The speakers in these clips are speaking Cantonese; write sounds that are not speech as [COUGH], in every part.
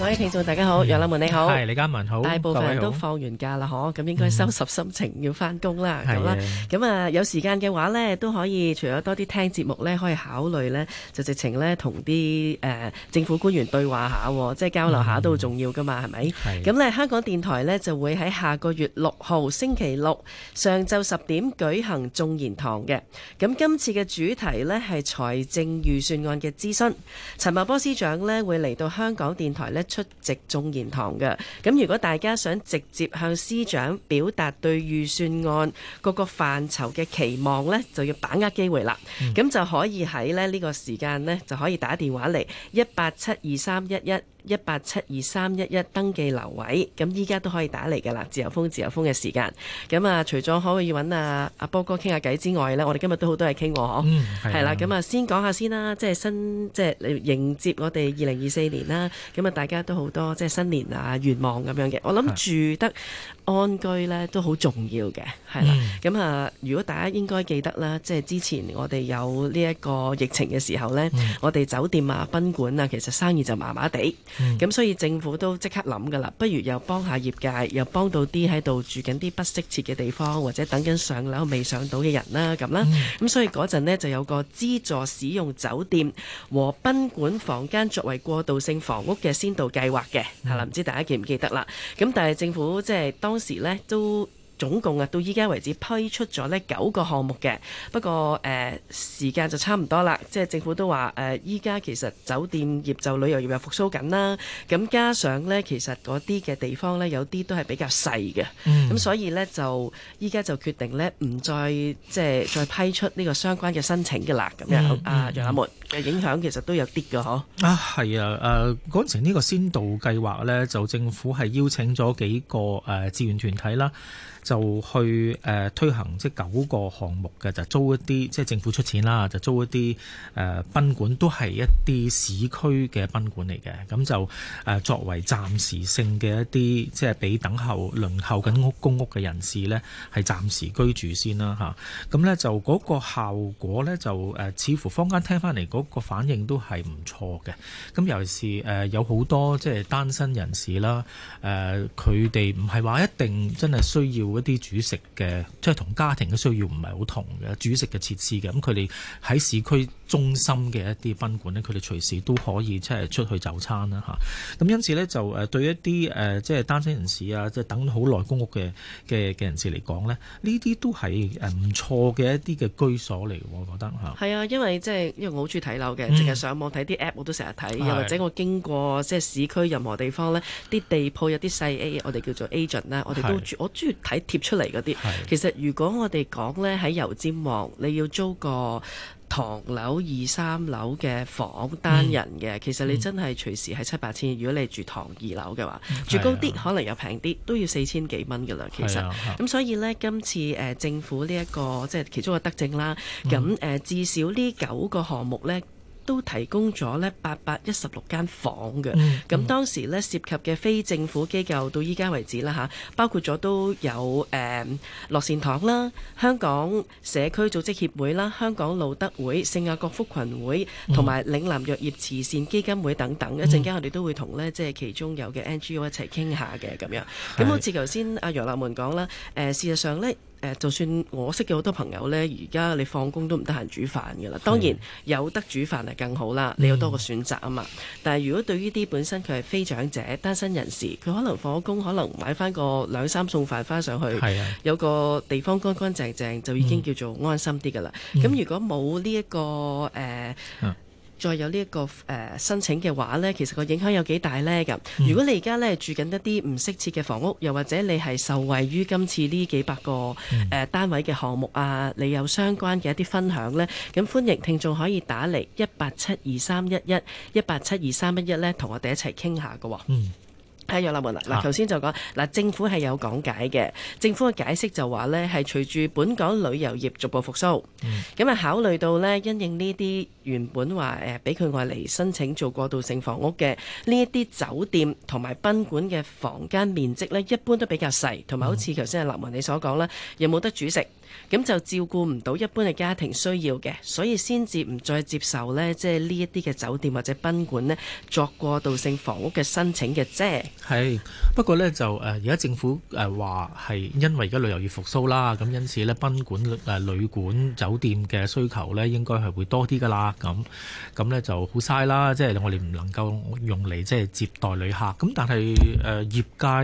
各位聽眾大家好，楊立文你好，係李嘉文好，大部分都放完假啦，嗬，咁應該收拾心情要翻工啦，咁啦，咁啊有時間嘅話咧，都可以除咗多啲聽節目咧，可以考慮咧，就直情咧同啲誒政府官員對話下，即係交流下都好重要噶嘛，係咪？咁咧，香港電台咧就會喺下個月六號星期六上晝十點舉行眾言堂嘅，咁今次嘅主題咧係財政預算案嘅諮詢，陳茂波司長咧會嚟到香港電台咧。出席中賢堂嘅。咁，如果大家想直接向司長表達對預算案各個個範疇嘅期望咧，就要把握機會啦。咁、嗯、就可以喺咧呢個時間咧就可以打電話嚟一八七二三一一。一八七二三一一登記留位，咁依家都可以打嚟嘅啦。自由風，自由風嘅時間，咁啊，除咗可以揾阿阿波哥傾下偈之外呢，我哋今日都好多嘢傾喎，嗬，係啦，咁啊，先講下先啦，即係新即係迎接我哋二零二四年啦。咁啊，大家都好多即係新年啊願望咁樣嘅。我諗住得安居呢都好重要嘅，係啦。咁啊、嗯嗯，如果大家應該記得啦，即係之前我哋有呢一個疫情嘅時候呢，嗯、我哋酒店啊、賓館啊，其實生意就麻麻地。咁、嗯、所以政府都即刻諗噶啦，不如又幫下業界，又幫到啲喺度住緊啲不適切嘅地方，或者等緊上樓未上到嘅人啦，咁啦。咁、嗯、所以嗰陣呢就有個資助使用酒店和賓館房間作為過渡性房屋嘅先導計劃嘅，係啦、嗯，唔、嗯嗯、知大家記唔記得啦？咁但係政府即係當時呢都。總共啊，到依家為止批出咗呢九個項目嘅。不過誒時間就差唔多啦，即係政府都話誒依家其實酒店業就旅遊業又復甦緊啦。咁加上呢，其實嗰啲嘅地方呢，有啲都係比較細嘅。咁所以呢，就依家就決定呢，唔再即係再批出呢個相關嘅申請㗎喇。咁樣啊楊阿濛嘅影響其實都有啲㗎嗬，啊係啊誒嗰陣呢個先導計劃呢，就政府係邀請咗幾個誒志願團體啦。就去誒推行即係九個項目嘅，就租一啲即係政府出錢啦，就租一啲誒賓館都係一啲市區嘅賓館嚟嘅。咁就誒作為暫時性嘅一啲，即係俾等候輪候緊屋、公屋嘅人士咧，係暫時居住先啦吓，咁、啊、咧就嗰個效果咧就誒似乎坊間聽返嚟嗰個反應都係唔錯嘅。咁尤其是誒、呃、有好多即係單身人士啦，誒佢哋唔係話一定真係需要一啲煮食嘅，即係同家庭嘅需要唔係好同嘅煮食嘅設施嘅。咁佢哋喺市區中心嘅一啲賓館咧，佢哋隨時都可以即係出去就餐啦吓，咁、啊、因此咧就誒對一啲誒、呃、即係單身人士啊，即係等好耐公屋嘅嘅嘅人士嚟講咧，呢啲都係誒唔錯嘅一啲嘅居所嚟嘅，我覺得吓係啊，啊，因為即、就、係、是、因為我好中意睇樓嘅，淨係、嗯、上網睇啲 app 我都成日睇，又是或者我經過即係市區任何地方咧，啲地鋪有啲細 A 我哋叫做 agent 咧，是我哋都我中意睇。貼出嚟嗰啲，其實如果我哋講呢，喺油尖旺，你要租個唐樓二三樓嘅房單人嘅，嗯、其實你真係隨時係七八千。如果你住唐二樓嘅話，嗯、住高啲的可能又平啲，都要四千幾蚊㗎喇。其實咁所以呢，今次誒、呃、政府呢、這個、一個即係其中嘅德政啦，咁誒、嗯呃、至少呢九個項目呢，都提供咗呢八百一十六間房嘅，咁、嗯嗯、當時呢涉及嘅非政府機構到依家為止啦嚇，包括咗都有誒樂善堂啦、香港社區組織協會啦、香港路德會、聖雅各福群會同埋嶺南藥業慈善基金會等等。嗯、等一陣間我哋都會同呢即係其中有嘅 NGO 一齊傾下嘅咁樣。咁好似頭先阿楊立文講啦，誒、呃、事實上呢。呃、就算我識嘅好多朋友呢，而家你放工都唔得閒煮飯嘅啦。當然的有得煮飯係更好啦，你有多個選擇啊嘛。嗯、但係如果對於啲本身佢係非長者、單身人士，佢可能放工，可能買翻個兩三餸飯翻上去，的有個地方乾乾淨淨就已經叫做安心啲嘅啦。咁、嗯、如果冇呢一個誒。呃嗯再有呢、這、一個誒、呃、申請嘅話呢，其實個影響有幾大呢？咁、嗯、如果你而家呢住緊一啲唔適切嘅房屋，又或者你係受惠於今次呢幾百個誒、嗯呃、單位嘅項目啊，你有相關嘅一啲分享呢，咁歡迎聽眾可以打嚟一八七二三一一一八七二三一一呢，同我哋一齊傾下嘅、哦。嗯，係名揚嗱，頭先、啊、就講嗱，政府係有講解嘅，政府嘅解釋就話呢係隨住本港旅遊業逐步復甦，咁啊、嗯嗯、考慮到呢因應呢啲。原本話誒俾佢外嚟申請做過渡性房屋嘅呢一啲酒店同埋賓館嘅房間面積呢，一般都比較細，同埋好似頭先阿林文你所講啦，有冇得煮食，咁就照顧唔到一般嘅家庭需要嘅，所以先至唔再接受呢，即係呢一啲嘅酒店或者賓館呢，作過渡性房屋嘅申請嘅啫。係不過呢，就誒而家政府誒話係因為而家旅遊業復甦啦，咁因此呢，賓館誒、呃、旅館酒店嘅需求呢，應該係會多啲噶啦。咁咁咧就好嘥啦，即係我哋唔能夠用嚟即係接待旅客。咁但係誒、呃、業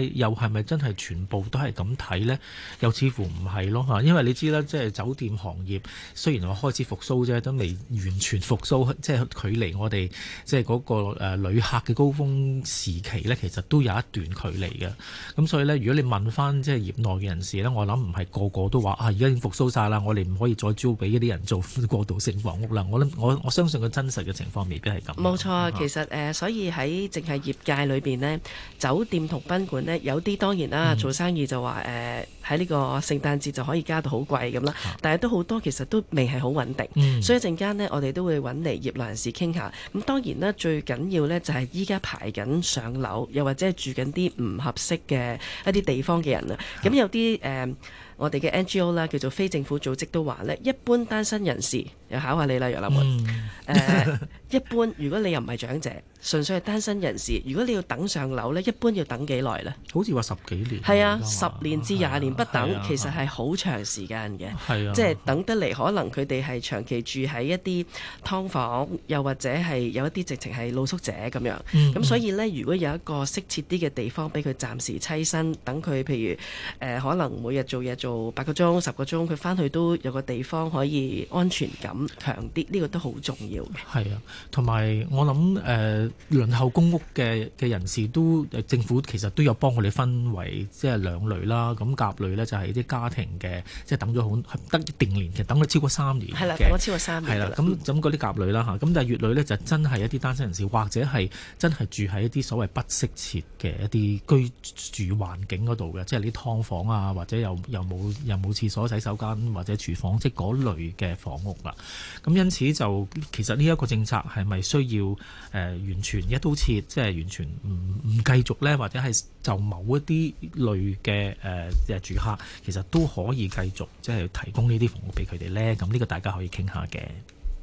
界又係咪真係全部都係咁睇呢？又似乎唔係咯嚇，因為你知啦，即係酒店行業雖然話開始復甦啫，都未完全復甦，即係距離我哋即係嗰個旅客嘅高峰時期呢，其實都有一段距離嘅。咁所以呢，如果你問翻即係業內嘅人士呢，我諗唔係個個都話啊，而家已經復甦晒啦，我哋唔可以再租俾啲人做過渡性房屋啦。我諗我。我我相信佢真實嘅情況未必係咁。冇錯，其實誒、呃，所以喺淨係業界裏邊咧，酒店同賓館咧，有啲當然啦，嗯、做生意就話誒，喺、呃、呢個聖誕節就可以加到好貴咁啦。啊、但係都好多其實都未係好穩定，嗯、所以一陣間咧，我哋都會揾嚟業內人士傾下。咁、嗯、當然咧，最緊要呢就係依家排緊上樓，又或者係住緊啲唔合適嘅一啲地方嘅人啦。咁、啊、有啲誒、呃，我哋嘅 NGO 啦，叫做非政府組織都話呢一般單身人士。又考下你啦，楊立門。一般如果你又唔係長者，純粹係單身人士，如果你要等上樓咧，一般要等幾耐咧？好似話十幾年。係啊，十年至廿年不等，其實係好長時間嘅。即係等得嚟，可能佢哋係長期住喺一啲劏房，又或者係有一啲直情係露宿者咁樣。咁所以咧，如果有一個適切啲嘅地方俾佢暫時棲身，等佢譬如可能每日做嘢做八個鐘十個鐘，佢翻去都有個地方可以安全感。咁強啲，呢、這個都好重要嘅。係啊，同埋我諗誒、呃，輪候公屋嘅嘅人士都政府其實都有幫我哋分為即係兩類啦。咁甲類呢，就係啲家庭嘅，即係等咗好得一定年期，等咗超過三年。係啦，等咗超過三年。係啦，咁咁嗰啲甲類啦嚇，咁、啊、但係乙類呢，就真係一啲單身人士，或者係真係住喺一啲所謂不適切嘅一啲居住環境嗰度嘅，即係啲劏房啊，或者又又冇又冇廁所洗手間或者廚房，即嗰類嘅房屋啦。咁因此就其實呢一個政策係咪需要誒、呃、完全一刀切，即係完全唔唔繼續呢？或者係就某一啲類嘅誒嘅住客，其實都可以繼續即係提供呢啲服務俾佢哋呢？咁呢個大家可以傾下嘅。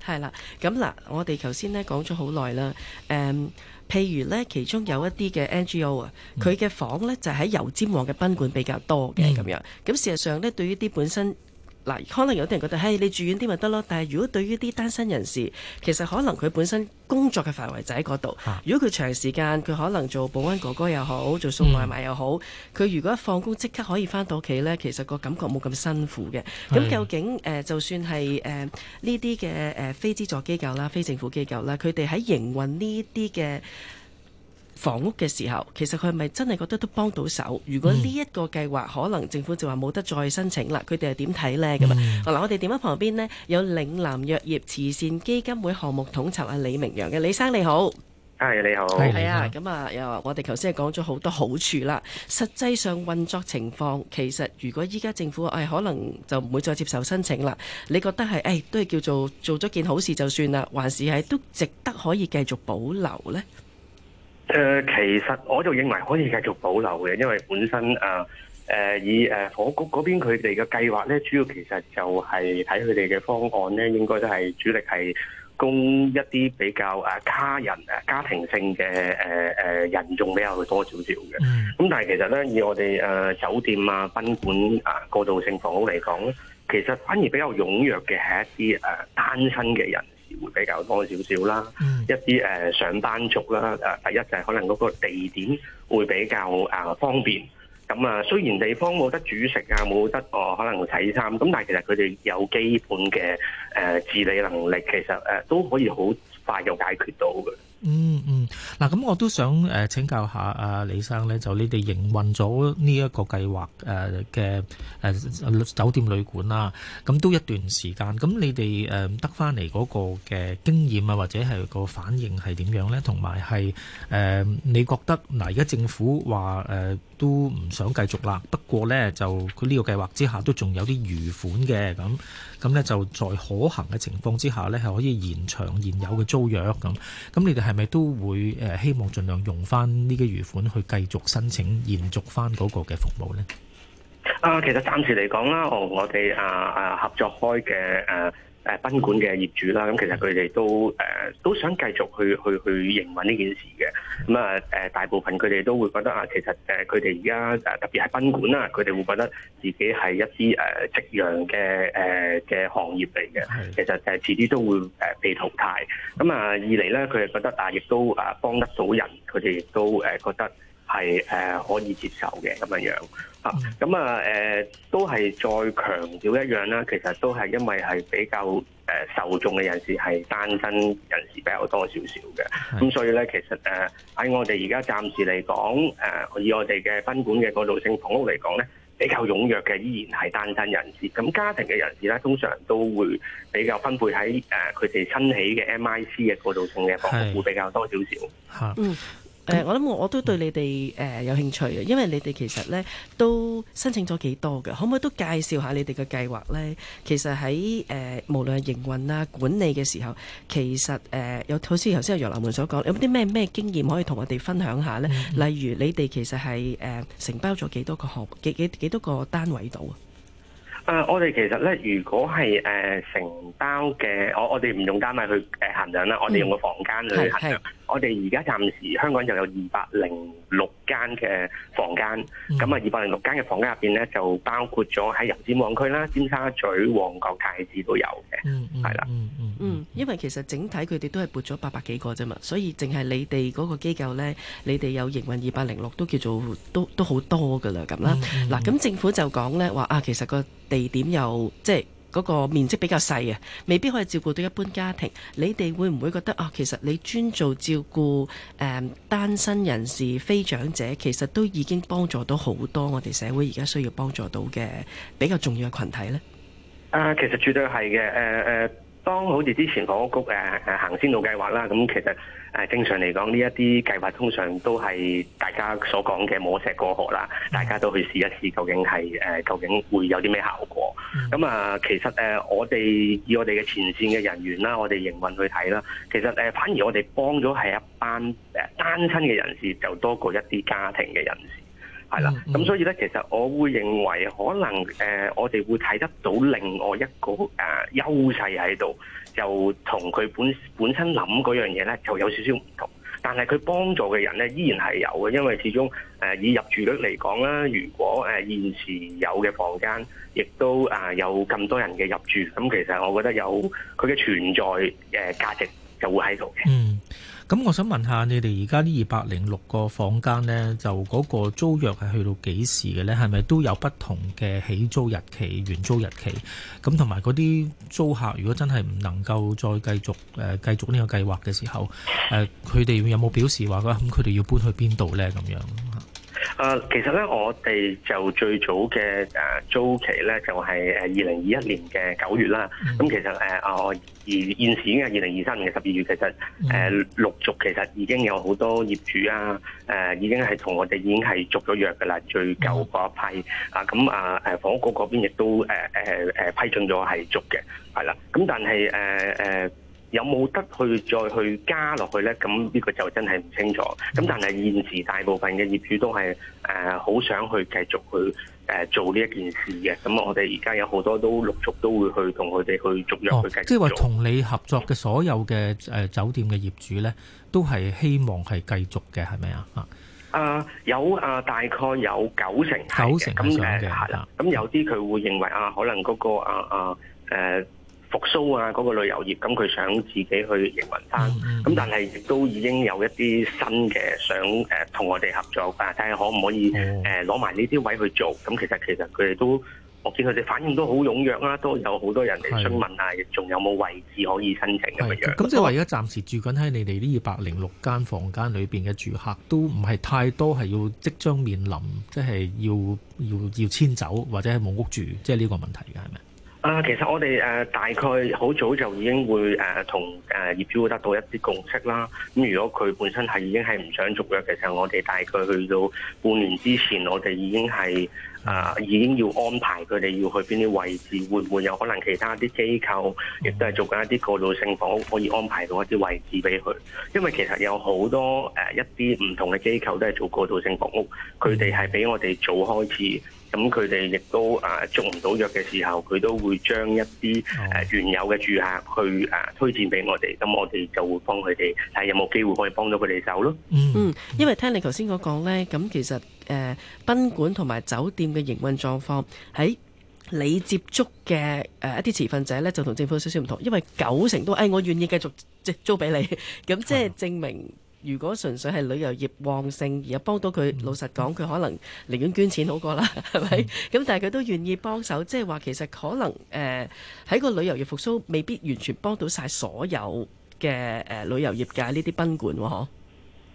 係啦，咁嗱，我哋頭先呢講咗好耐啦。誒，譬如呢，其中有一啲嘅 NGO 啊，佢嘅房呢就喺油尖旺嘅賓館比較多嘅咁、嗯、樣。咁事實上呢，對於啲本身嗱、啊，可能有啲人覺得，嘿，你住遠啲咪得咯？但係如果對於啲單身人士，其實可能佢本身工作嘅範圍就喺嗰度。如果佢長時間佢可能做保安哥哥又好，做送外賣又好，佢、嗯、如果一放工即刻可以翻到屋企呢，其實個感覺冇咁辛苦嘅。咁究竟誒是、呃，就算係誒呢啲嘅誒非資助機構啦、非政府機構啦，佢哋喺營運呢啲嘅。房屋嘅時候，其實佢係咪真係覺得都幫到手？如果呢一個計劃、嗯、可能政府就話冇得再申請啦，佢哋係點睇呢？咁啊、嗯、嗱，我哋點解旁邊呢，有嶺南藥業慈善基金會項目統籌阿李名揚嘅？李生你好，係、啊、你好，係啊，咁啊，又我哋頭先係講咗好多好處啦。實際上運作情況，其實如果依家政府誒、哎、可能就唔會再接受申請啦。你覺得係誒、哎、都係叫做做咗件好事就算啦，還是係都值得可以繼續保留呢？誒、呃，其實我就認為可以繼續保留嘅，因為本身誒誒、呃、以誒火局嗰邊佢哋嘅計劃咧，主要其實就係睇佢哋嘅方案咧，應該都係主力係供一啲比較誒卡人誒家庭性嘅誒誒人仲比較會多少少嘅。咁、mm. 但係其實咧，以我哋誒酒店啊賓館啊過渡性房屋嚟講咧，其實反而比較踊躍嘅係一啲誒單身嘅人。會比較多少少啦，嗯、一啲誒、呃、上班族啦，誒、呃、第一就係可能嗰個地點會比較啊、呃、方便，咁、呃、啊雖然地方冇得煮食啊，冇得哦、呃、可能會洗衫，咁、呃、但係其實佢哋有基本嘅誒自理能力，其實誒、呃、都可以好快就解決到嘅。嗯嗯，嗱、嗯、咁我都想誒請教下阿李生咧，就你哋營運咗呢一個計劃誒嘅誒酒店旅館啦，咁都一段時間，咁你哋誒得翻嚟個嘅經驗啊，或者係個反應係點樣咧？同埋係誒你覺得嗱，而家政府話誒、呃、都唔想繼續啦，不過咧就佢呢個計劃之下都仲有啲餘款嘅，咁咁咧就在可行嘅情況之下咧，係可以延長現有嘅租約咁，咁你哋係？係咪都會誒希望盡量用翻呢啲餘款去繼續申請延續翻嗰個嘅服務咧？啊，其實暫時嚟講啦，我我哋啊啊合作開嘅誒，啊誒、呃、賓館嘅業主啦，咁其實佢哋都誒、呃、都想繼續去去去營運呢件事嘅，咁啊誒大部分佢哋都會覺得啊，其實誒佢哋而家特別係賓館啦，佢哋會覺得自己係一啲誒夕陽嘅誒嘅行業嚟嘅，其實誒、呃、遲啲都會誒、呃、被淘汰。咁、嗯、啊二嚟咧，佢哋覺得啊，亦都啊幫得到人，佢哋亦都誒覺得係誒、呃、可以接受嘅咁樣樣。咁啊，誒、呃、都係再強調一樣啦，其實都係因為係比較誒受眾嘅人士係單身人士比較多少少嘅。咁是所以咧其實誒喺、呃、我哋而家暫時嚟講，誒、呃、以我哋嘅賓館嘅過渡性房屋嚟講咧，比較踴躍嘅依然係單身人士，咁家庭嘅人士咧通常都會比較分配喺誒佢哋新起嘅 M I C 嘅過渡性嘅房屋會比較多少少嚇。是嗯誒、嗯呃，我諗我，我都對你哋誒、呃、有興趣嘅，因為你哋其實咧都申請咗幾多嘅，可唔可以都介紹下你哋嘅計劃咧？其實喺誒、呃，無論係營運啊、管理嘅時候，其實誒有、呃，好似頭先阿楊南門所講，有冇啲咩咩經驗可以同我哋分享下咧？例如你哋其實係誒承包咗幾多個學幾幾幾多個單位度？啊？啊，我哋其實咧，如果係誒承包嘅，我我哋唔用單位去誒衡量啦，我哋用個房間嚟我哋而家暫時香港就有二百零六間嘅房間，咁啊，二百零六間嘅房間入邊咧就包括咗喺油尖旺區啦、尖沙咀、旺角、太子都有嘅，係啦、嗯。的嗯，因為其實整體佢哋都係撥咗八百幾個啫嘛，所以淨係你哋嗰個機構咧，你哋有營運二百零六都叫做都都好多㗎啦咁啦。嗱、嗯，咁、嗯、政府就講咧話啊，其實個地點又即係。嗰個面積比較細嘅、啊，未必可以照顧到一般家庭。你哋會唔會覺得啊、哦？其實你專做照顧誒、呃、單身人士、非長者，其實都已經幫助到好多我哋社會而家需要幫助到嘅比較重要嘅群體呢？啊、呃，其實絕對係嘅。誒、呃、誒、呃，當好似之前房屋局誒誒行先導計劃啦，咁、呃、其實。誒，正、啊、常嚟講呢一啲計劃，計劃通常都係大家所講嘅摸石過河啦，mm hmm. 大家都去試一試，究竟係誒、呃，究竟會有啲咩效果？咁、mm hmm. 嗯、啊，其實誒、呃，我哋以我哋嘅前線嘅人員啦，我哋營運去睇啦，其實誒、呃，反而我哋幫咗係一班誒單親嘅人士，就多過一啲家庭嘅人士。係啦，咁所以咧，其實我會認為可能誒，我哋會睇得到另外一個誒優勢喺度，就同佢本本身諗嗰樣嘢咧，就有少少唔同。但係佢幫助嘅人咧，依然係有嘅，因為始終誒以入住率嚟講啦，如果誒現時有嘅房間，亦都啊有咁多人嘅入住，咁其實我覺得有佢嘅存在誒價值就會喺度嘅。咁我想問下，你哋而家呢二百零六個房間呢，就嗰個租約係去到幾時嘅呢？係咪都有不同嘅起租日期、原租日期？咁同埋嗰啲租客，如果真係唔能夠再繼續誒、呃、繼續呢個計劃嘅時候，誒佢哋有冇表示話嘅？咁佢哋要搬去邊度呢？咁樣？誒，uh, 其實咧，我哋就最早嘅誒租期咧，就係誒二零二一年嘅九月啦。咁其實誒啊、呃，現現時已經係二零二三年嘅十二月，其實誒、呃、陸續其實已經有好多業主啊，誒、啊、已經係同我哋已經係續咗約嘅啦。最舊嗰一批啊，咁啊誒房屋局嗰邊亦都誒誒誒批准咗係續嘅，係啦。咁但係誒誒。啊啊有冇得去再去加落去呢？咁呢個就真係唔清楚。咁但係現時大部分嘅業主都係誒好想去繼續去誒、呃、做呢一件事嘅。咁我哋而家有好多都陸續都會去同佢哋去續約去繼續，哦。即係話同你合作嘅所有嘅誒、呃、酒店嘅業主呢，都係希望係繼續嘅，係咪啊？啊、呃，有啊、呃，大概有九成九成咁樣嘅係啦。咁、呃、有啲佢會認為啊、呃，可能嗰、那個啊啊誒。呃呃呃復甦啊！嗰個旅遊業，咁佢想自己去營運翻。咁、嗯、但係亦都已經有一啲新嘅想誒同、呃、我哋合作，睇下可唔可以誒攞埋呢啲位去做。咁、嗯、其實其實佢哋都，我見佢哋反應都好踴躍啊，都有好多人嚟詢問啊，仲的有冇位置可以申請咁的樣。咁即係話，而家暫時住緊喺你哋呢二百零六間房間裏邊嘅住客，都唔係太多，係要即將面臨，即係要要要，要，要遷走或者係冇屋住，即係呢個問題嘅係咪？啊，其實我哋誒大概好早就已經會誒同誒業主會得到一啲共識啦。咁如果佢本身係已經係唔想續約，其實我哋大概去到半年之前，我哋已經係啊已經要安排佢哋要去邊啲位置。會唔會有可能其他啲機構亦都係做緊一啲過渡性房屋，可以安排到一啲位置俾佢？因為其實有好多誒一啲唔同嘅機構都係做過渡性房屋，佢哋係比我哋早開始。咁佢哋亦都啊捉唔到藥嘅時候，佢都會將一啲誒原有嘅住客去啊推薦俾我哋，咁我哋就會幫佢哋睇有冇機會可以幫到佢哋手咯。嗯，因為聽你頭先講呢，咁其實誒賓館同埋酒店嘅營運狀況喺你接觸嘅誒一啲持份者呢，就同政府有少少唔同，因為九成都誒我願意繼續即租俾你，咁即係證明。如果純粹係旅遊業旺盛，而家幫到佢，嗯、老實講，佢可能寧願捐錢好過啦，係咪？咁、嗯、但係佢都願意幫手，即係話其實可能誒喺、呃、個旅遊業復甦，未必完全幫到晒所有嘅誒、呃、旅遊業界呢啲賓館喎、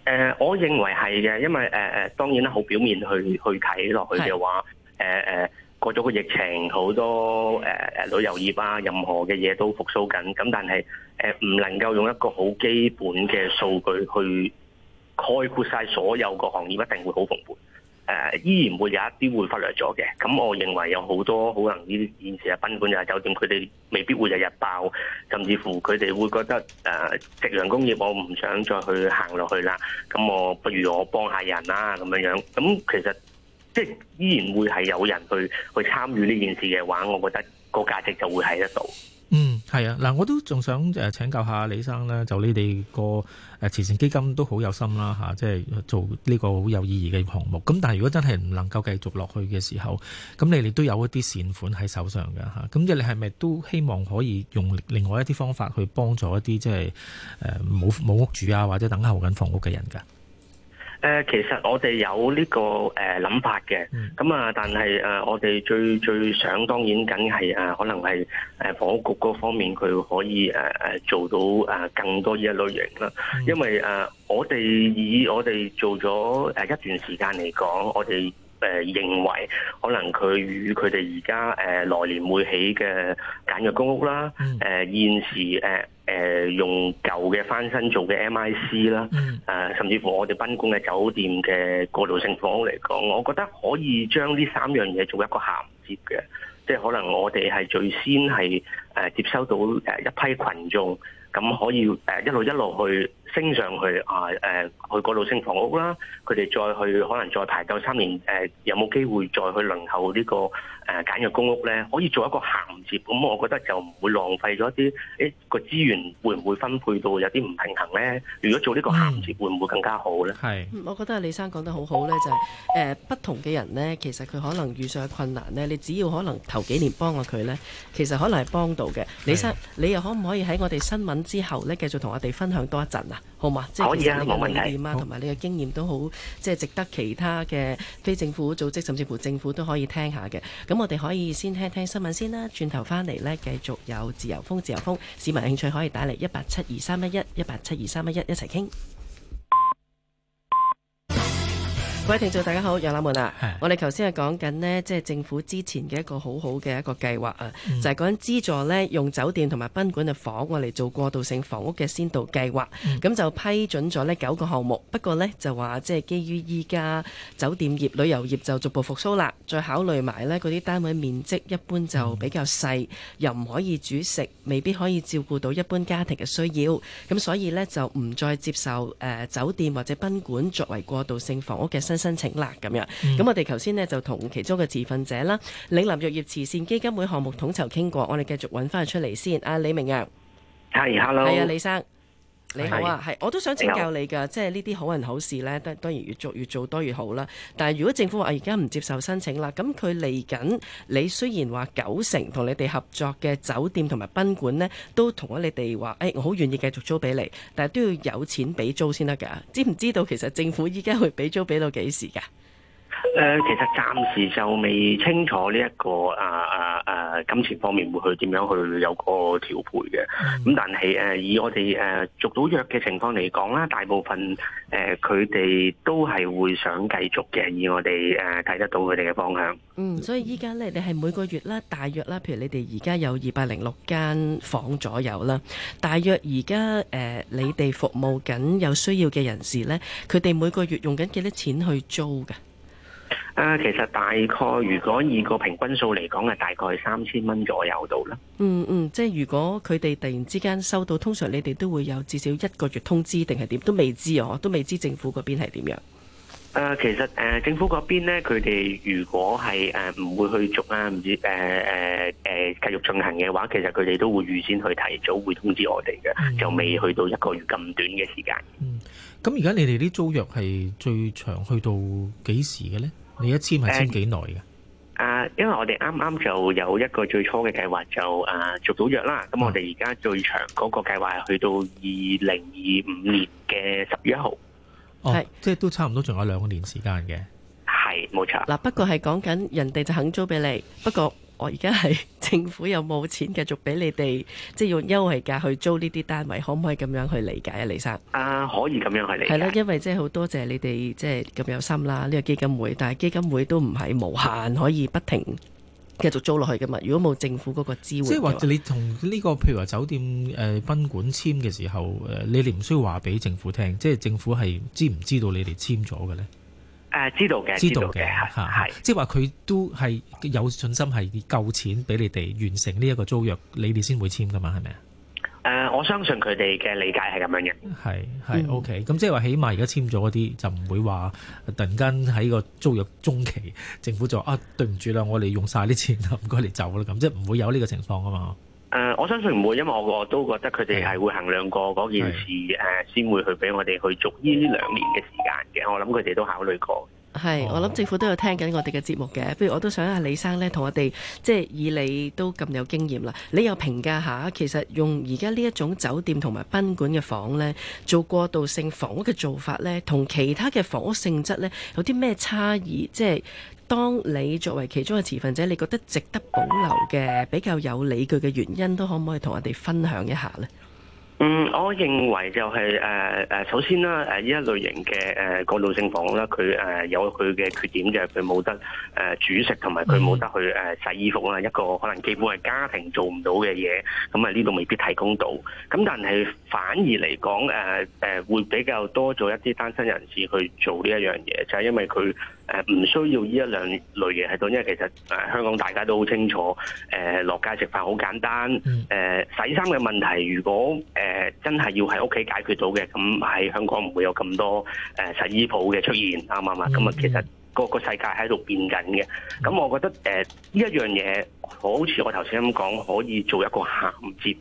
呃，我認為係嘅，因為誒誒、呃，當然啦，好表面去去睇落去嘅話，誒誒的。呃呃過咗個疫情，好多誒、呃、誒、呃、旅遊業啊，任何嘅嘢都復甦緊。咁但係誒唔能夠用一個好基本嘅數據去概括晒所有個行業，一定會好蓬勃。誒、呃、依然會有一啲會忽略咗嘅。咁、嗯、我認為有好多可能，呢啲現時嘅賓館又係酒店，佢哋未必會日日爆，甚至乎佢哋會覺得誒夕陽工業，我唔想再去行落去啦。咁、嗯、我不如我幫下人啦咁樣樣。咁、嗯、其實。即依然會係有人去去參與呢件事嘅話，我覺得個價值就會喺得度。嗯，係啊，嗱，我都仲想誒請教下李生啦。就你哋個誒慈善基金都好有心啦吓，即係做呢個好有意義嘅項目。咁但係如果真係唔能夠繼續落去嘅時候，咁你哋都有一啲善款喺手上嘅吓。咁即係你係咪都希望可以用另外一啲方法去幫助一啲即係誒冇冇屋住啊或者等候緊房屋嘅人噶？誒、呃、其實我哋有呢、這個誒諗、呃、法嘅，咁啊，但係誒、呃、我哋最最想當然梗係啊，可能係誒、呃、房屋局嗰方面佢可以誒誒、呃、做到誒更多呢一類型啦，因為誒、呃、我哋以我哋做咗誒、呃、一段時間嚟講，我哋誒、呃、認為可能佢與佢哋而家誒來年會起嘅簡約公屋啦，誒、呃、現時誒，呃誒用舊嘅翻新做嘅 MIC 啦、啊，誒甚至乎我哋賓館嘅酒店嘅過渡性房屋嚟講，我覺得可以將呢三樣嘢做一個銜接嘅，即係可能我哋係最先係誒、啊、接收到誒一批群眾，咁可以誒、啊、一路一路去。升上去啊！誒、呃，去嗰度升房屋啦，佢哋再去可能再排夠三年誒、呃，有冇機會再去輪候呢、這個誒、呃、簡約公屋咧？可以做一個銜接，咁、嗯、我覺得就唔會浪費咗啲誒個資源，會唔會分配到有啲唔平衡咧？如果做呢個銜接，會唔會更加好咧？係、嗯，我覺得李生講得好好咧，就係、是、誒、呃、不同嘅人咧，其實佢可能遇上嘅困難咧，你只要可能頭幾年幫過佢咧，其實可能係幫到嘅。李生，你又可唔可以喺我哋新聞之後咧，繼續同我哋分享多一陣啊？好嘛，即係其實你嘅觀點啊，同埋你嘅經驗都好，即係值得其他嘅非政府組織甚至乎政，政府都可以聽下嘅。咁我哋可以先聽聽新聞先啦，轉頭翻嚟呢，繼續有自由風自由風，市民興趣可以打嚟一八七二三一一一八七二三一一一齊傾。各位聽眾大家好，楊立文啊，的我哋頭先係講緊咧，即係政府之前嘅一個好好嘅一個計劃啊，嗯、就係講資助咧，用酒店同埋賓館嘅房，我嚟，做過渡性房屋嘅先導計劃。咁、嗯、就批准咗咧九個項目，不過咧就話即係基於依家，酒店業旅遊業就逐步復蘇啦，再考慮埋咧啲單位面積一般就比較細，嗯、又唔可以煮食，未必可以照顧到一般家庭嘅需要，咁所以咧就唔再接受誒、呃、酒店或者賓館作為過渡性房屋嘅新。申請啦咁樣，咁、嗯、我哋頭先呢，就同其中嘅持份者啦、嶺南藥業慈善基金會項目統籌傾過，我哋繼續揾翻佢出嚟先。阿李名揚，係 Hi，hello，係啊，李生。你好啊，係，我都想請教你㗎，即係呢啲好人好事呢，得當然越做越做越多越好啦。但係如果政府話而家唔接受申請啦，咁佢嚟緊，你雖然話九成同你哋合作嘅酒店同埋賓館呢，都同咗你哋話，誒、哎、我好願意繼續租俾你，但係都要有錢俾租先得㗎。知唔知道其實政府依家會俾租俾到幾時㗎？誒，其實暫時就未清楚呢一個啊啊啊金錢方面會去點樣去有個調配嘅。咁但係誒，以我哋誒續到約嘅情況嚟講啦，大部分誒佢哋都係會想繼續嘅。以我哋誒睇得到佢哋嘅方向。嗯，所以依家咧，你係每個月啦，大約啦，譬如你哋而家有二百零六間房左右啦，大約而家誒你哋服務緊有需要嘅人士咧，佢哋每個月用緊幾多錢去租嘅？啊，其實大概如果以個平均數嚟講，係大概三千蚊左右度啦。嗯嗯，即係如果佢哋突然之間收到，通常你哋都會有至少一個月通知，定係點？都未知哦，都未知政府嗰邊係點樣。誒，其實誒、呃，政府嗰邊咧，佢哋如果係誒唔會去續啊，唔知誒誒誒繼續進行嘅話，其實佢哋都會預先去提早會通知我哋嘅，嗯、就未去到一個月咁短嘅時間。嗯，咁而家你哋啲租約係最長去到幾時嘅咧？你一簽係簽幾耐㗎？啊，因為我哋啱啱就有一個最初嘅計劃就啊做到約啦，咁我哋而家最長嗰個計劃係去到二零二五年嘅十月一號。哦、是即係都差唔多，仲有兩年時間嘅。係冇錯。嗱、啊，不過係講緊人哋就肯租俾你，不過我而家係。政府有冇錢繼續俾你哋，即係用優惠價去租呢啲單位，可唔可以咁樣去理解啊，李生？啊，可以咁樣去理解。係啦，因為即係好多謝你哋，即係咁有心啦。呢、呢個基金會，但係基金會都唔係無限可以不停繼續租落去嘅嘛。如果冇政府嗰、呢個支援，即係話你同呢個譬如話酒店、誒、呃、賓館簽嘅時候，誒你哋唔需要話俾政府聽，即係政府係知唔知道你哋簽咗嘅咧？誒、啊，知道嘅，知道嘅，係是，即係話佢都係有信心係夠錢俾你哋完成呢一個租約，你哋先會簽噶嘛，係咪啊？誒，我相信佢哋嘅理解係咁樣嘅，係係、嗯、OK。咁即係話起碼而家簽咗一啲，就唔會話突然間喺個租約中期，政府就話啊對唔住啦，我哋用晒啲錢啦，唔該你走啦，咁即係唔會有呢個情況啊嘛。誒，uh, 我相信唔會，因為我我都覺得佢哋係會衡量過嗰件事誒，先的會去俾我哋去續呢兩年嘅時間嘅。我諗佢哋都考慮過。係，我諗政府都有聽緊我哋嘅節目嘅。不如我，我都想阿李生咧，同我哋即係以你都咁有經驗啦，你又評價下，其實用而家呢一種酒店同埋賓館嘅房咧，做過渡性房屋嘅做法咧，同其他嘅房屋性質咧，有啲咩差異？即係。當你作為其中嘅持份者，你覺得值得保留嘅比較有理據嘅原因，都可唔可以同我哋分享一下呢？嗯，我認為就係誒誒，首先啦，誒、啊、呢一類型嘅誒過渡性房屋啦，佢誒、呃、有佢嘅缺點就係，佢冇得誒煮食同埋佢冇得去誒、呃、洗衣服啊，一個可能基本係家庭做唔到嘅嘢，咁啊呢度未必提供到。咁但係反而嚟講，誒、呃、誒、呃、會比較多做一啲單身人士去做呢一樣嘢，就係、是、因為佢誒唔需要呢一兩類類型系統，因為其實誒、呃、香港大家都好清楚，誒、呃、落街食飯好簡單，誒、呃、洗衫嘅問題如果誒，呃呃誒，真係要喺屋企解決到嘅，咁喺香港唔會有咁多誒洗衣鋪嘅出現，啱唔啱啊？咁啊、mm，其實個個世界喺度變緊嘅，咁、嗯嗯、我覺得誒呢一樣嘢，好似我頭先咁講，可以做一個銜接，誒、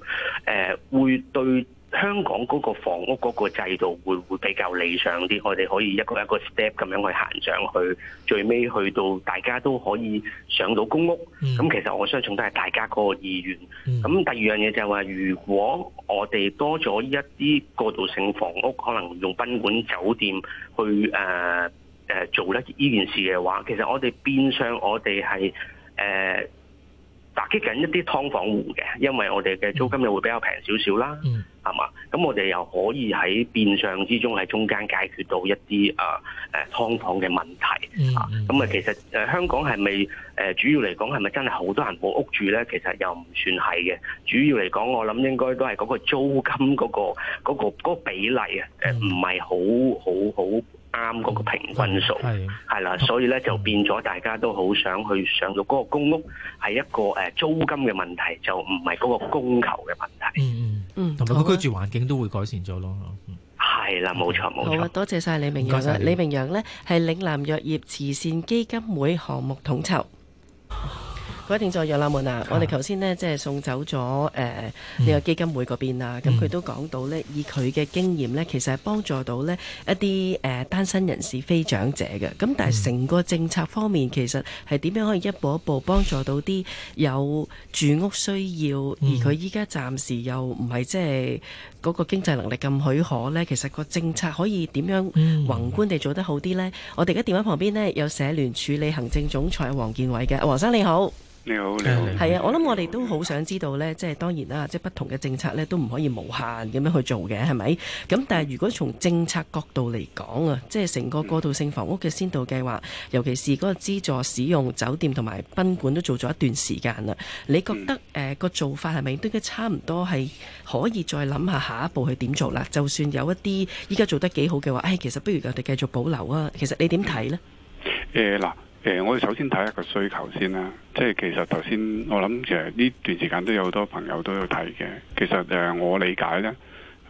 嗯、會對。香港嗰個房屋嗰個制度會唔會比較理想啲，我哋可以一個一個 step 咁樣去行上去，最尾去到大家都可以上到公屋。咁其實我相信都係大家嗰個意願。咁第二樣嘢就係話，如果我哋多咗一啲過渡性房屋，可能用賓館、酒店去誒誒、呃呃、做咧呢件事嘅話，其實我哋變相我哋係誒。呃打擊緊一啲劏房戶嘅，因為我哋嘅租金又會比較平少少啦，係嘛、嗯？咁我哋又可以喺變相之中喺中間解決到一啲啊誒劏房嘅問題啊。咁、嗯嗯、啊，其實誒、呃、香港係咪誒主要嚟講係咪真係好多人冇屋住咧？其實又唔算係嘅。主要嚟講，我諗應該都係嗰個租金嗰、嗰個嗰、嗰個嗰個嗰個、比例啊，誒唔係好好好。好好啱嗰個平均數，係啦，所以咧就變咗，大家都好想去上到嗰個公屋，係一個誒租金嘅問題，就唔係嗰個供求嘅問題。嗯嗯嗯，同埋個居住環境都會改善咗咯。係啦，冇錯冇錯。好啊，多謝晒李名揚啊！李名揚咧係嶺南藥業慈善基金會項目統籌。改定在楊立門啊！啊我哋頭先呢，即係送走咗誒呢個基金會嗰邊啦。咁佢都講到呢，嗯、以佢嘅經驗呢，其實係幫助到呢一啲誒、呃、單身人士、非長者嘅。咁但係成個政策方面，其實係點樣可以一步一步幫助到啲有住屋需要而佢依家暫時又唔係即係嗰個經濟能力咁許可呢？其實個政策可以點樣宏觀地做得好啲呢？嗯、我哋而家電話旁邊呢，有社聯署理行政總裁黃建偉嘅黃生，你好。你好，你好。係啊，我諗我哋都好想知道呢，即係當然啦，即係不同嘅政策呢，都唔可以無限咁樣去做嘅，係咪？咁但係如果從政策角度嚟講啊，即係成個過渡性房屋嘅先導計劃，尤其是嗰個資助使用酒店同埋賓館都做咗一段時間啦。你覺得誒個、嗯呃、做法係咪都應該差唔多係可以再諗下下一步去點做啦？就算有一啲依家做得幾好嘅話，誒、哎，其實不如我哋繼續保留啊。其實你點睇呢？誒嗱、嗯。呃誒、欸，我哋首先睇一個需求先啦。即係其實頭先我諗，其實呢段時間都有好多朋友都有睇嘅。其實誒、呃，我理解呢，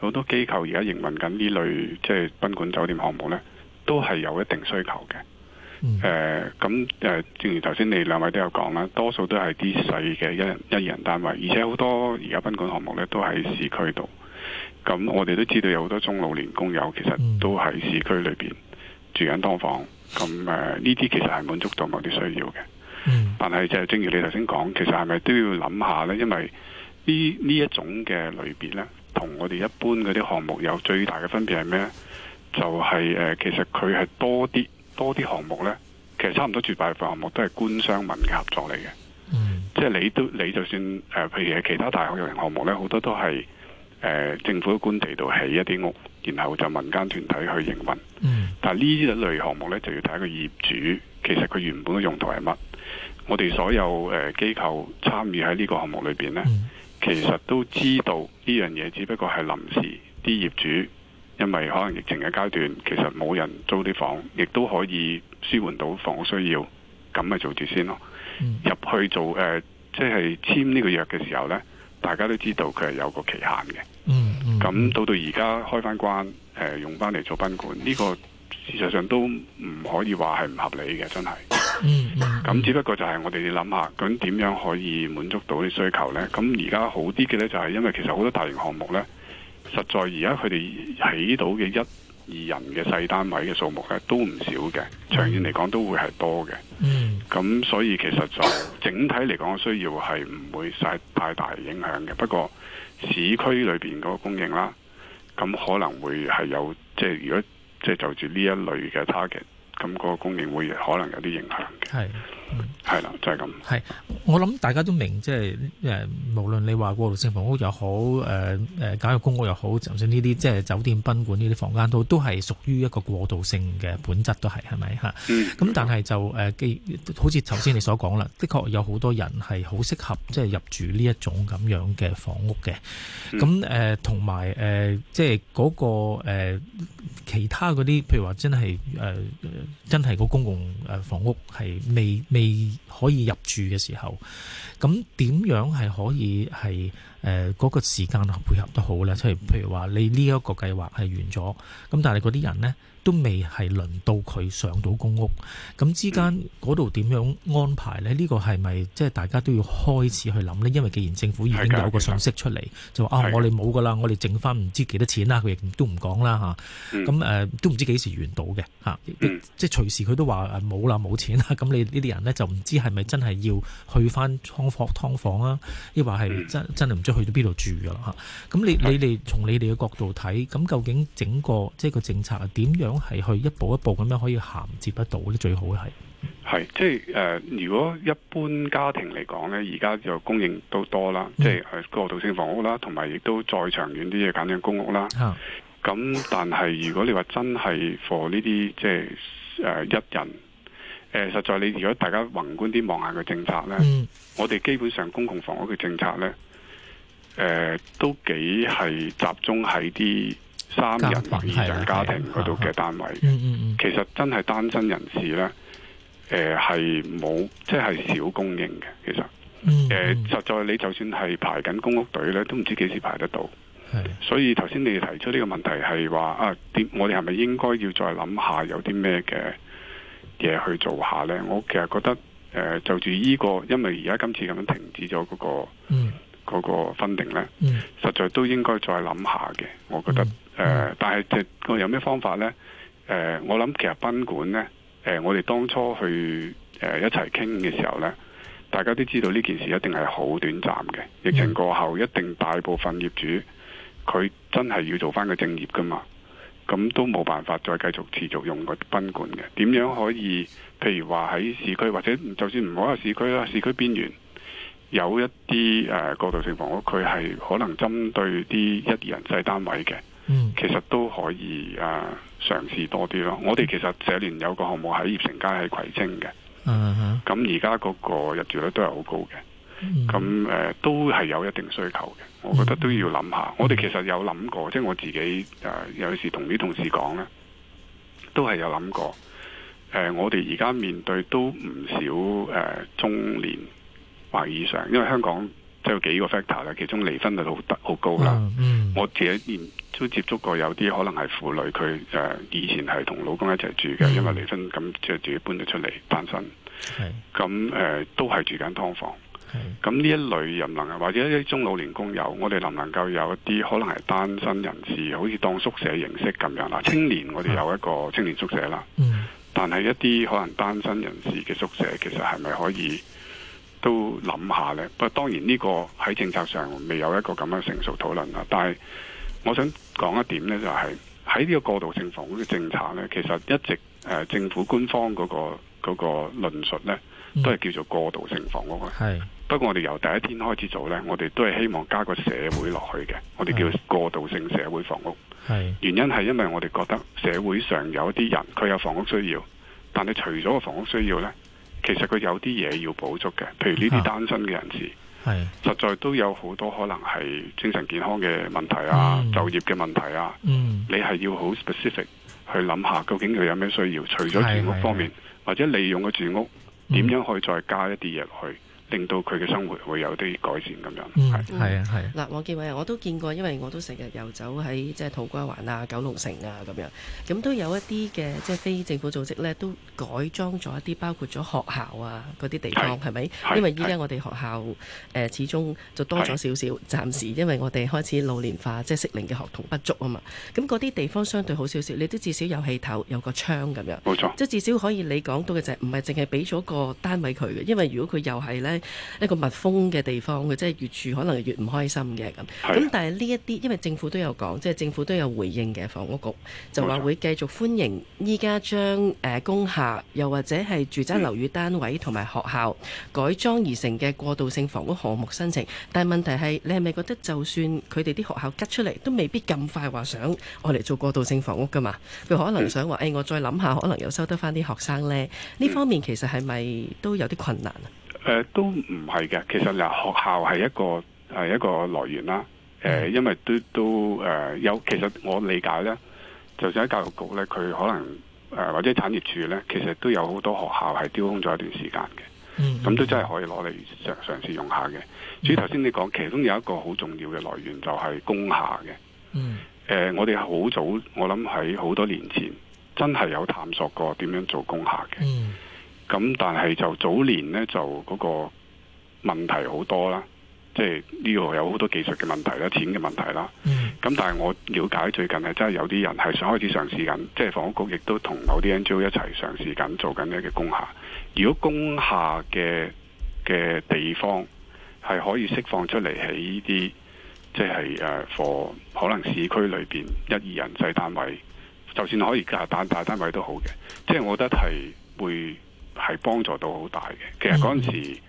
好多機構而家營運緊呢類即係賓館酒店項目呢，都係有一定需求嘅。誒、嗯，咁誒、呃，正如頭先你兩位都有講啦，多數都係啲細嘅一人一人單位，而且好多而家賓館項目呢都喺市區度。咁我哋都知道有好多中老年工友其實都喺市區裏邊住緊劏房。咁誒呢啲其實係滿足到某啲需要嘅，嗯、但係就係正如你頭先講，其實係咪都要諗下咧？因為呢呢一種嘅類別咧，同我哋一般嗰啲項目有最大嘅分別係咩咧？就係、是、誒、呃，其實佢係多啲多啲項目咧，其實差唔多絕大部分項目都係官商民嘅合作嚟嘅。嗯，即係你都你就算誒、呃，譬如其他大學入營項目咧，好多都係誒、呃、政府官地度起一啲屋。然後就民間團體去營運，但係呢一類項目呢，就要睇個業主，其實佢原本嘅用途係乜？我哋所有誒、呃、機構參與喺呢個項目裏邊呢，嗯、其實都知道呢樣嘢，只不過係臨時啲業主，因為可能疫情嘅階段，其實冇人租啲房，亦都可以舒緩到房屋需要，咁咪做住先咯。入、嗯、去做誒，即、呃、係、就是、簽呢個約嘅時候呢，大家都知道佢係有個期限嘅。嗯咁到到而家開翻關，誒、呃、用翻嚟做賓館，呢、呢個事實上都唔可以話係唔合理嘅，真係、嗯。嗯。咁只不過就係我哋諗下，咁點樣可以滿足到啲需求呢？咁而家好啲嘅呢，就係因為其實好多大型項目呢，實在而家佢哋起到嘅一二人嘅細單位嘅數目呢，都唔少嘅，長遠嚟講都會係多嘅、嗯。嗯。咁所以其實就整體嚟講嘅需要係唔會曬太大影響嘅，不過，市區裏邊嗰個供應啦，咁可能會係有，即係如果，即係就住呢一類嘅 target，咁嗰個供應會可能有啲影響嘅。係。嗯、mm.，係 [NOISE] 啦，就係、是、咁。係，我諗大家都明，即係誒，無論你話過渡性房屋又好，誒、呃、誒，假如公屋又好，就算呢啲即係酒店賓館呢啲房間都都係屬於一個過渡性嘅本質，都係係咪吓？咁、 [NOISE] 嗯嗯、但係就誒，記、呃、好似頭先你所講啦，的確有好多人係好適合即係入住呢一種咁樣嘅房屋嘅。咁、嗯、誒，同埋誒，即係嗰、那個誒、呃，其他嗰啲，譬如話真係誒，真係個公共誒房屋係未？你可以入住嘅時候，咁點樣係可以係誒嗰個時間配合得好呢？即係 [NOISE] 譬如話，你呢一個計劃係完咗，咁但係嗰啲人呢，都未係輪到佢上到公屋，咁之間嗰度點樣安排咧？呢個係咪即係大家都要開始去諗咧？因為既然政府已經有個信息出嚟，就話啊，我哋冇噶啦，我哋剩翻唔知幾多錢啦，佢亦都唔講啦吓，咁誒都唔知幾時完到嘅吓，即係隨時佢都話誒冇啦冇錢啦。咁你呢啲人咧就唔知係咪真係要去翻劏房劏房啊？亦或係真真係唔知去到邊度住噶啦吓，咁你你哋從你哋嘅角度睇，咁究竟整個即係個政策係點樣。係去一步一步咁樣可以銜接得到咧，最好係係即係誒、呃，如果一般家庭嚟講咧，而家就供應都多啦，嗯、即係過渡性房屋啦，同埋亦都再長遠啲嘅簡約公屋啦。咁、嗯、但係如果你話真係 for 呢啲即係誒、呃、一人誒、呃，實在你如果大家宏觀啲望下嘅政策咧，嗯、我哋基本上公共房屋嘅政策咧，誒、呃、都幾係集中喺啲。三人或以上家庭嗰度嘅單位，嘅、嗯，嗯、其實真係單身人士咧，誒係冇，即係少供應嘅。其實，誒、呃、實在你就算係排緊公屋隊咧，都唔知幾時排得到。嗯、所以頭先你提出呢個問題係話啊，我哋係咪應該要再諗下有啲咩嘅嘢去做下咧？我其實覺得誒、呃、就住依、這個，因為而家今次咁樣停止咗嗰、那個，嗯，個 funding 咧，嗯、實在都應該再諗下嘅，我覺得、嗯。誒、呃，但係即個有咩方法呢？誒、呃，我諗其實賓館呢，誒、呃，我哋當初去誒、呃、一齊傾嘅時候呢，大家都知道呢件事一定係好短暫嘅。疫情過後，一定大部分業主佢真係要做返個正業㗎嘛，咁都冇辦法再繼續持續用個賓館嘅。點樣可以？譬如話喺市區，或者就算唔好喺市區啦，市區邊緣有一啲誒過渡性房屋，佢係可能針對啲一人制單位嘅。嗯、其實都可以誒嘗試多啲咯。我哋其實社聯有個項目喺業成街係葵青嘅，咁而家嗰個入住率都係好高嘅，咁誒、uh huh. 呃、都係有一定需求嘅。我覺得都要諗下。Uh huh. 我哋其實有諗過，即、就、係、是、我自己誒、呃、有時同啲同事講咧，都係有諗過。誒、呃，我哋而家面對都唔少誒、呃、中年或以上，因為香港。都有幾個 factor 嘅，其中離婚率好得好高啦。嗯嗯、我自己都接觸過有啲可能係婦女，佢誒以前係同老公一齊住嘅，嗯、因為離婚咁即係自己搬咗出嚟單身。係、嗯，咁誒、呃、都係住緊劏房。係、嗯，咁呢一類又能夠，或者一啲中老年工友，我哋能唔能夠有一啲可能係單身人士，好似當宿舍形式咁樣啦？青年我哋有一個青年宿舍啦。嗯嗯、但係一啲可能單身人士嘅宿舍，其實係咪可以？都諗下咧，不過當然呢個喺政策上未有一個咁樣成熟討論啦。但係我想講一點咧、就係，就係喺呢個過渡性房屋嘅政策咧，其實一直誒、呃、政府官方嗰、個嗰、個論述咧，都係叫做過渡性房屋。係、嗯、不過我哋由第一天開始做咧，我哋都係希望加個社會落去嘅，我哋叫過渡性社會房屋。係、嗯、原因係因為我哋覺得社會上有一啲人佢有房屋需要，但係除咗個房屋需要咧。其實佢有啲嘢要補足嘅，譬如呢啲單身嘅人士，啊、實在都有好多可能係精神健康嘅問題啊，嗯、就業嘅問題啊，嗯、你係要好 specific 去諗下，究竟佢有咩需要？除咗住屋方面，的或者利用嘅住屋，點樣可以再加一啲嘢落去？令到佢嘅生活會有啲改善咁樣，係係啊嗱，建偉啊，我都見過，因為我都成日遊走喺即係土瓜灣啊、九龍城啊咁樣，咁都有一啲嘅即係非政府組織呢，都改裝咗一啲，包括咗學校啊嗰啲地方係咪是是？因為依家我哋學校誒是、呃、始終就多咗少少，是暫時因為我哋開始老年化，即係適齡嘅學童不足啊嘛。咁嗰啲地方相對好少少，你都至少有氣口，有個窗咁樣，冇沒錯。即至少可以你講到嘅就係唔係淨係俾咗個單位佢嘅，因為如果佢又係呢。一個密封嘅地方，佢即係越住可能越唔開心嘅咁。咁但係呢一啲，因為政府都有講，即係政府都有回應嘅房屋局，就話會繼續歡迎依家將誒工廈又或者係住宅樓宇單位同埋學校改裝而成嘅過渡性房屋項目申請。但係問題係，你係咪覺得就算佢哋啲學校吉出嚟，都未必咁快話想我嚟做過渡性房屋㗎嘛？佢可能想話誒、哎，我再諗下，可能又收得返啲學生呢。」呢方面其實係咪都有啲困難啊？誒、呃，都唔係嘅。其實啊，學校係一個係、呃、一個來源啦。誒、呃，因為都都誒、呃、有。其實我理解咧，就算喺教育局咧，佢可能誒、呃、或者產業處咧，其實都有好多學校係丟空咗一段時間嘅。嗯，咁都真係可以攞嚟，嘗嘗試用下嘅。至於頭先你講，其中有一個好重要嘅來源就係工廈嘅。嗯。誒、呃，我哋好早，我諗喺好多年前，真係有探索過點樣做工廈嘅。嗯。咁但係就早年呢，就嗰個問題好多啦，即係呢度有好多技術嘅問，問題啦、錢嘅問題啦。咁但係我了解最近係真係有啲人係想開始嘗試緊，即係房屋局亦都同某啲 NGO 一齊嘗試緊做緊呢個工廈。如果工廈嘅嘅地方係可以釋放出嚟喺呢啲，即係誒，可可能市區裏邊一二人制單位，就算可以加大單位都好嘅。即係我覺得係會。係幫助到好大嘅，其實嗰陣時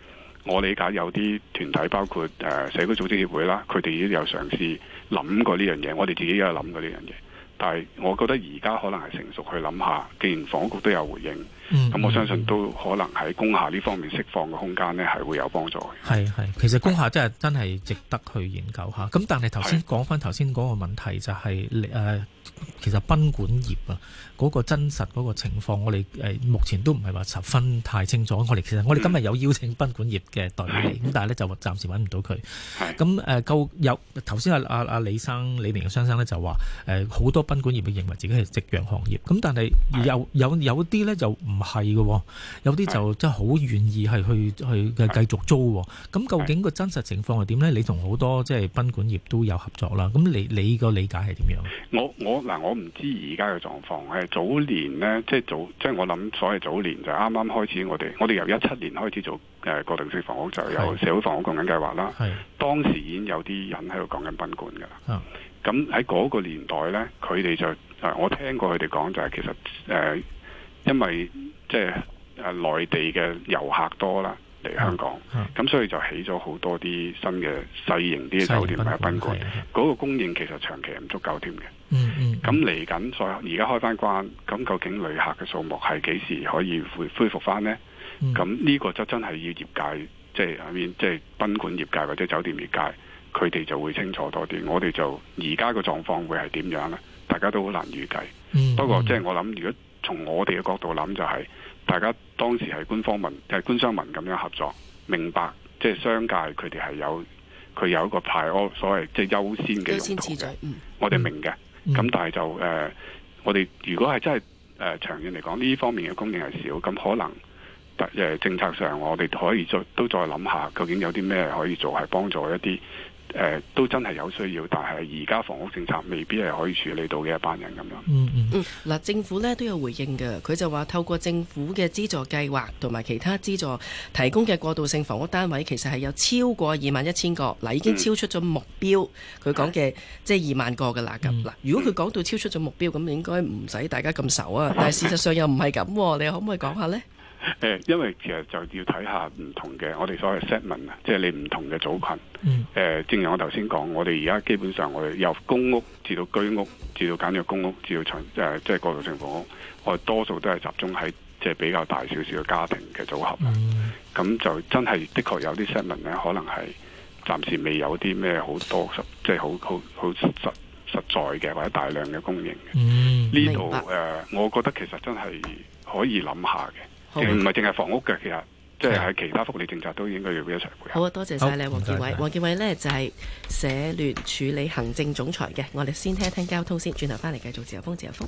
我理解有啲團體，包括誒、呃、社區組織協會啦，佢哋都有嘗試諗過呢樣嘢，我哋自己有諗過呢樣嘢，但係我覺得而家可能係成熟去諗下，既然房屋局都有回應，咁、嗯嗯、我相信都可能喺工廈呢方面釋放嘅空間呢係會有幫助嘅。係，係其實工廈真係真係值得去研究下。咁是但係頭先講翻頭先嗰個問題就係、是、誒。呃其實賓館業啊，嗰、那個真實嗰個情況，我哋誒、呃、目前都唔係話十分太清楚。我哋其實我哋今日有邀請賓館業嘅代表嚟，咁但係咧就暫時搵唔到佢。咁誒夠有頭、啊啊、先阿阿阿李生、李名揚先生咧就話，誒、呃、好多賓館業嘅認為自己係夕陽行業，咁但係又有有啲咧又唔係嘅，有啲就真係好願意係去去繼續租、哦。咁究竟個真實情況係點咧？你同好多即係賓館業都有合作啦。咁你你個理解係點樣？我我。我嗱，我唔知而家嘅狀況咧。早年咧，即係早，即係我諗，所謂早年就啱啱開始我，我哋我哋由一七年開始做誒個、呃、定式房屋，就有社會房屋共緊計劃啦。係的當時已經有啲人喺度講緊賓館㗎啦。咁喺嗰個年代呢，佢哋就啊、呃，我聽過佢哋講就係其實誒、呃，因為即係誒、呃、內地嘅遊客多啦。嚟香港，咁、啊、所以就起咗好多啲新嘅細型啲嘅酒店或者賓館，嗰個供應其實長期唔足夠添嘅。咁嚟緊，再而家開翻關，咁究竟旅客嘅數目係幾時可以恢恢復翻咧？咁呢、嗯、個就真係要業界，即係下面，即係賓館業界或者酒店業界，佢哋就會清楚多啲。我哋就而家個狀況會係點樣咧？大家都好難預計。嗯嗯、不過即係我諗，如果從我哋嘅角度諗、就係，就係。大家當時係官方民即係官商民咁樣合作，明白即係商界佢哋係有佢有一個排屙所謂即係優先嘅用途嘅，我哋明嘅。咁但係就誒，我哋如果係真係誒、呃、長遠嚟講，呢方面嘅供應係少，咁可能誒、呃、政策上我哋可以再都再諗下，究竟有啲咩可以做，係幫助一啲。誒、呃，都真係有需要，但係而家房屋政策未必係可以處理到嘅一班人咁樣。嗯嗯嗯，嗱、嗯嗯，政府咧都有回應嘅，佢就話透過政府嘅資助計劃同埋其他資助提供嘅過渡性房屋單位，其實係有超過二萬一千個，嗱已經超出咗目標。佢講嘅即係二萬個嘅啦。咁嗱，嗯、如果佢講到超出咗目標，咁應該唔使大家咁愁啊。但係事實上又唔係咁，你可唔可以講下呢？ [LAUGHS] 誒，因為其實就要睇下唔同嘅，我哋所謂 segment 啊，即係你唔同嘅組群。誒、嗯，正如我頭先講，我哋而家基本上我哋由公屋至到居屋，至到簡約公屋，至到產誒、呃，即係過渡性房屋，我哋多數都係集中喺即係比較大少少嘅家庭嘅組合。咁、嗯、就真係的，的確有啲 segment 咧，可能係暫時未有啲咩好多，即係好好好實實在嘅或者大量嘅供應。嗯，呢度誒，白 uh, 我覺得其實真係可以諗下嘅。唔係淨係房屋嘅，其實即係喺其他福利政策都應該要一齊。好啊，多謝曬你，黃建偉。黃建偉咧就係、是、社聯署理行政總裁嘅。我哋先聽一聽交通先，轉頭翻嚟繼續自由風，自由風。